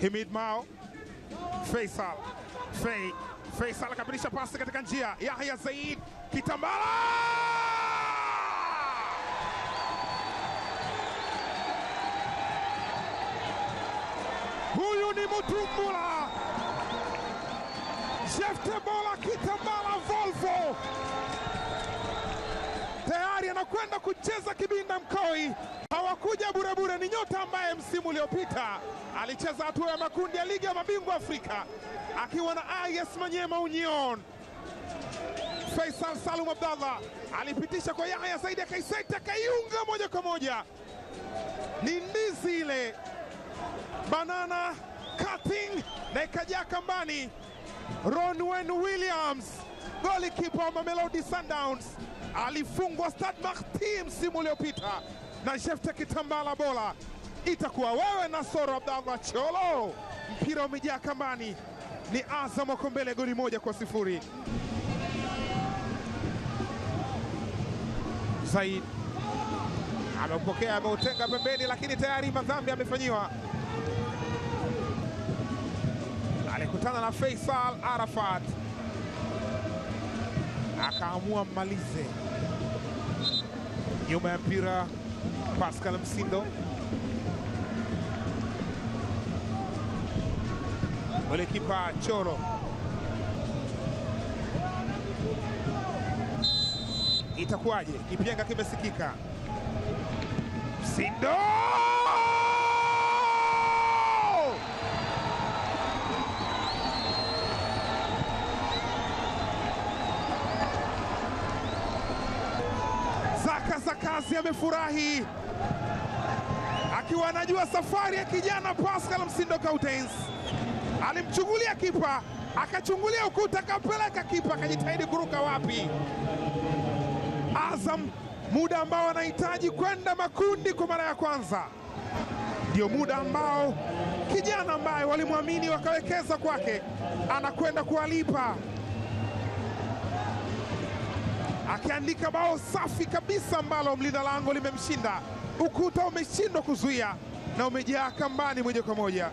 Himid Mao, Faisal Fei, Faisal akapitisha pasi katika njia, Yahya Zaid Kitambala huyu ni Mutumbula Jeftebola Kitambala Volvo tayari anakwenda kucheza kibinda Mkoi hawakuja burebure. Ni nyota ambaye msimu uliopita alicheza hatua ya makundi ya ligi ya mabingwa Afrika akiwa na AS Manyema Union. Faisal Salum Abdallah alipitisha kwa Yahya Saidi, akaisaita akaiunga moja kwa moja. Ni ndizi ile banana cutting na ikajaa kambani. Ronwen Williams golikipa wa Mamelodi Sundowns alifungwa Stade Marti msimu uliopita na Shefte Kitambala Bola, itakuwa wewe Soro Abdallah Cholo. Mpira umejaa kambani, ni Azam wako mbele goli moja kwa sifuri. Zaid ameupokea ameutenga pembeni, lakini tayari madhambi amefanyiwa. Alikutana na Faisal Arafat akaamua mmalize nyuma ya mpira Pascal Msindo Golikipa Choro itakuwaje? Kipyenga kimesikika. Msindo ameanza kazi, amefurahi akiwa anajua safari ya kijana Pascal Msindo Coutens alimchungulia kipa akachungulia ukuta akapeleka kipa akajitahidi kuruka wapi. Azam muda ambao anahitaji kwenda makundi kwa mara ya kwanza, ndio muda ambao kijana ambaye walimwamini wakawekeza kwake anakwenda kuwalipa akiandika bao safi kabisa ambalo mlinda lango limemshinda, ukuta umeshindwa kuzuia na umejaa kambani moja kwa moja.